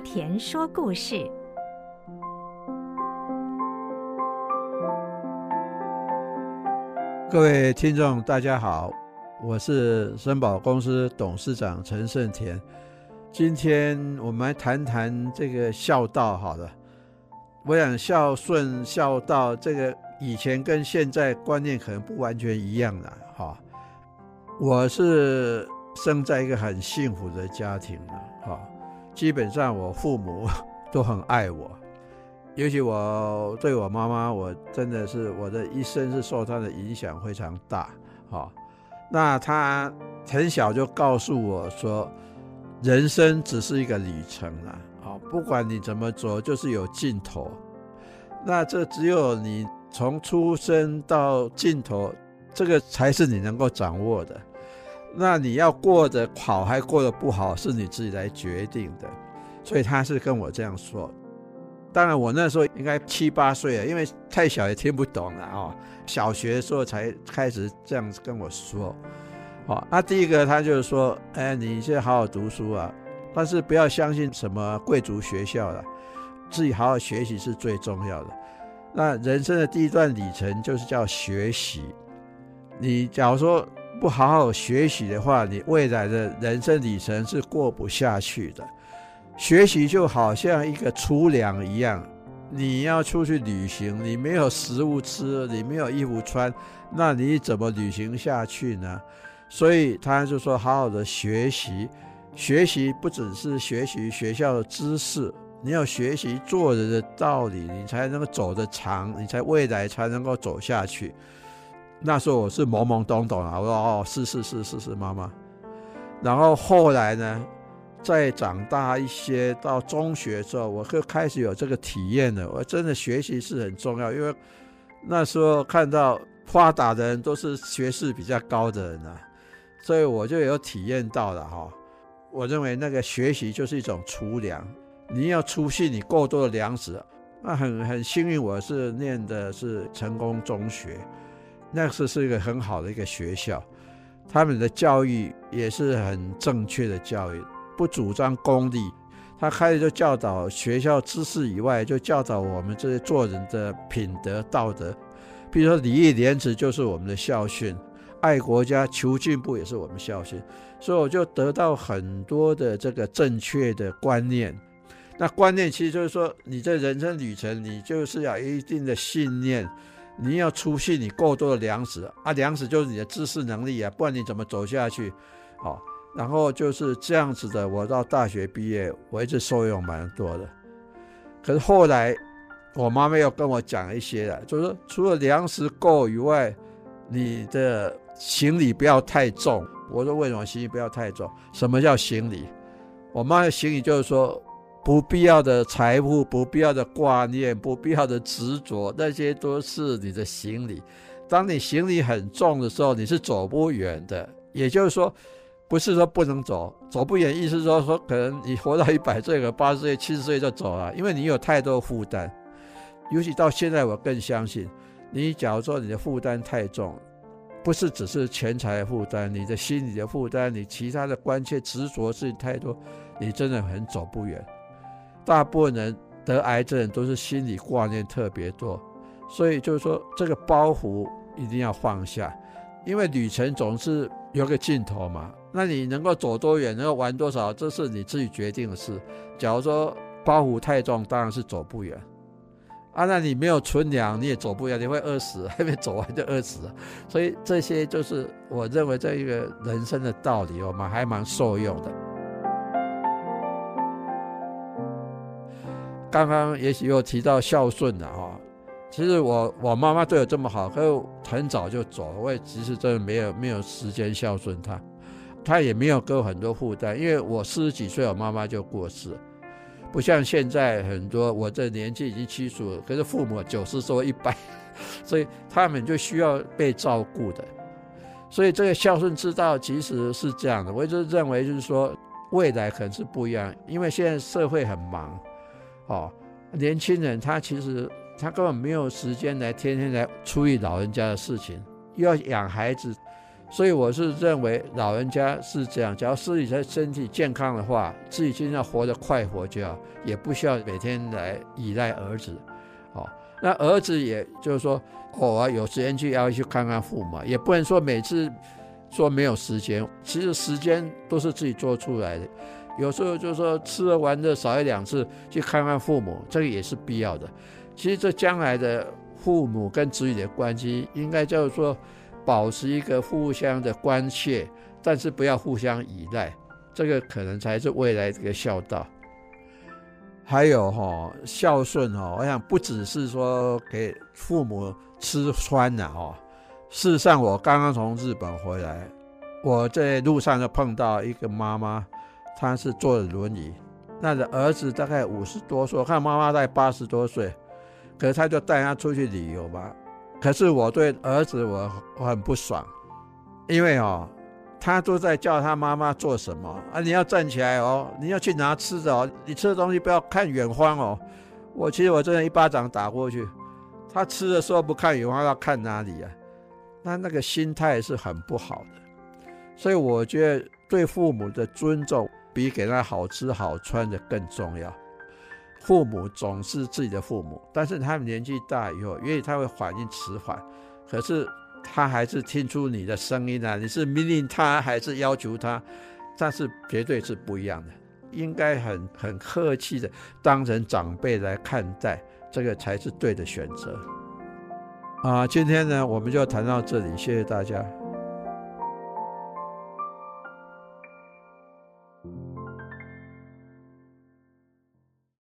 阿沺說故事，各位聽眾，大家好，我是森寶公司董事長陳勝沺。今天我們來談談這個孝道。好了，我想孝順、孝道這個以前跟現在觀念可能不完全一樣了。哈、哦，我是生在一個很幸福的家庭了。哈、哦。基本上，我父母都很愛我，尤其我對我媽媽，我真的是我的一生是受她的影響非常大。好、哦，那她很小就告訴我說，人生只是一個旅程啊，好、哦，不管你怎麼走，就是有盡頭。那這只有你從出生到盡頭，這個才是你能夠掌握的。那你要過得好還過得不好，是你自己來決定的，所以他是跟我這樣說。當然我那時候應該七八歲了，因為太小也聽不懂了哦。小學的時候才開始這樣子跟我說，哦，那第一個他就是說，哎，你先好好讀書啊，但是不要相信什麼貴族學校了，自己好好學習是最重要的。那人生的第一段旅程就是叫學習。你假如說。不好好學習的話，你未來的人生旅程是過不下去的。學習就好像一個粗糧一樣，你要出去旅行，你沒有食物吃，你沒有衣服穿，那你怎麼旅行下去呢？所以他就說，好好的學習，學習不只是學習學校的知識，你要學習做人的道理，你才能夠走得長，你才未來才能夠走下去。那時候我是懵懵懂懂啊，我說哦，是是是是是媽媽。然後後來呢，再長大一些，到中學之後，我就開始有這個體驗了。我真的學習是很重要，因為那時候看到發達的人都是學識比較高的人啊，所以我就有體驗到了哈、哦。我認為那個學習就是一種儲糧，你要儲蓄你夠多的糧食。那很很幸運，我是念的是成功中學。那是是一個很好的一個學校，他們的教育也是很正確的教育，不主張功利。他開始就教導學校知識以外，就教導我們這些做人的品德道德。比如說禮義廉恥就是我們的校訓，愛國家求進步也是我們的校訓。所以我就得到很多的這個正確的觀念。那觀念其實就是說，你在人生旅程，你就是要有一定的信念。你要儲蓄，你夠多的糧食啊，糧食就是你的知識能力啊，不管你怎麼走下去，啊、哦，然後就是這樣子的。我到大學畢業，我一直受用蠻多的。可是後來我媽媽又跟我講一些了，就是除了糧食夠以外，你的行李不要太重。我說為什麼行李不要太重？什麼叫行李？我媽的行李就是說，不必要的財富、不必要的掛念、不必要的執着，那些都是你的行李。當你行李很重的時候，你是走不遠的。也就是說，不是說不能走，走不遠，意思說說可能你活到一百歲、和八十歲、七十歲就走了，因為你有太多負擔。尤其到現在，我更相信，你假如說你的負擔太重，不是只是錢財負擔，你的心理的負擔，你其他的關切、執着是太多，你真的很走不遠。大部分人得癌症都是心理掛念特別多，所以就是說這個包袱一定要放下，因為旅程總是有個盡頭嘛。那你能夠走多遠，能夠玩多少，這是你自己決定的事。假如說包袱太重，當然是走不遠。啊，那你沒有存糧，你也走不遠，你會餓死，還沒走完就餓死了。所以這些就是我認為這一個人生的道理，我們還蠻受用的。剛剛也有提到孝順了哈，其實我我媽媽對我這麼好，可是很早就走了，我也其實真的沒有沒有時間孝順她，她也沒有給我很多負擔，因為我四十幾歲我媽媽就過世了，不像現在很多我這年紀已經七十了，可是父母九十多一百，所以他們就需要被照顧的，所以這個孝順之道其實是這樣的。我一直認為就是說未來可能是不一樣，因為現在社會很忙。哦，年輕人，他其實他根本沒有時間來天天來處理老人家的事情，又要養孩子，所以我是認為老人家是這樣，只要自己的身體健康的話，自己儘量活得快活，就好，也不需要每天來依賴兒子。哦，那兒子也就是說，偶爾，哦，啊，有時間去要去看看父母，也不能說每次說沒有時間，其實時間都是自己做出來的。有時候就是說，吃着玩的少一兩次去看看父母，這個也是必要的。其實這將來的父母跟子女的關係，應該就是說保持一個互相的關切，但是不要互相依賴，這個可能才是未來這個孝道。還有哈、哦，孝順哈、哦，我想不只是說給父母吃穿的哈、哦。事實上，我剛剛從日本回來，我在路上就碰到一個媽媽。他是坐輪椅，那個兒子大概五十多歲，我看媽媽大概八十多歲，可是他就帶他出去旅遊嘛。可是我對兒子我，我很不爽，因為哦，他都在叫他媽媽做什麼啊？你要站起來哦，你要去拿吃的哦，你吃的東西不要看遠方哦。我其實我真的一巴掌打過去，他吃的時候不看遠方要看哪裡啊？他那，那個心態是很不好的，所以我覺得對父母的尊重，比給他好吃好穿的更重要。父母總是自己的父母，但是他們年紀大以後，因為他會反應遲緩，可是他還是聽出你的聲音啊！你是命令他還是要求他？但是絕對是不一樣的，應該很很客氣的當成長輩來看待，這個才是對的選擇。啊，今天呢，我們就談到這裡，謝謝大家。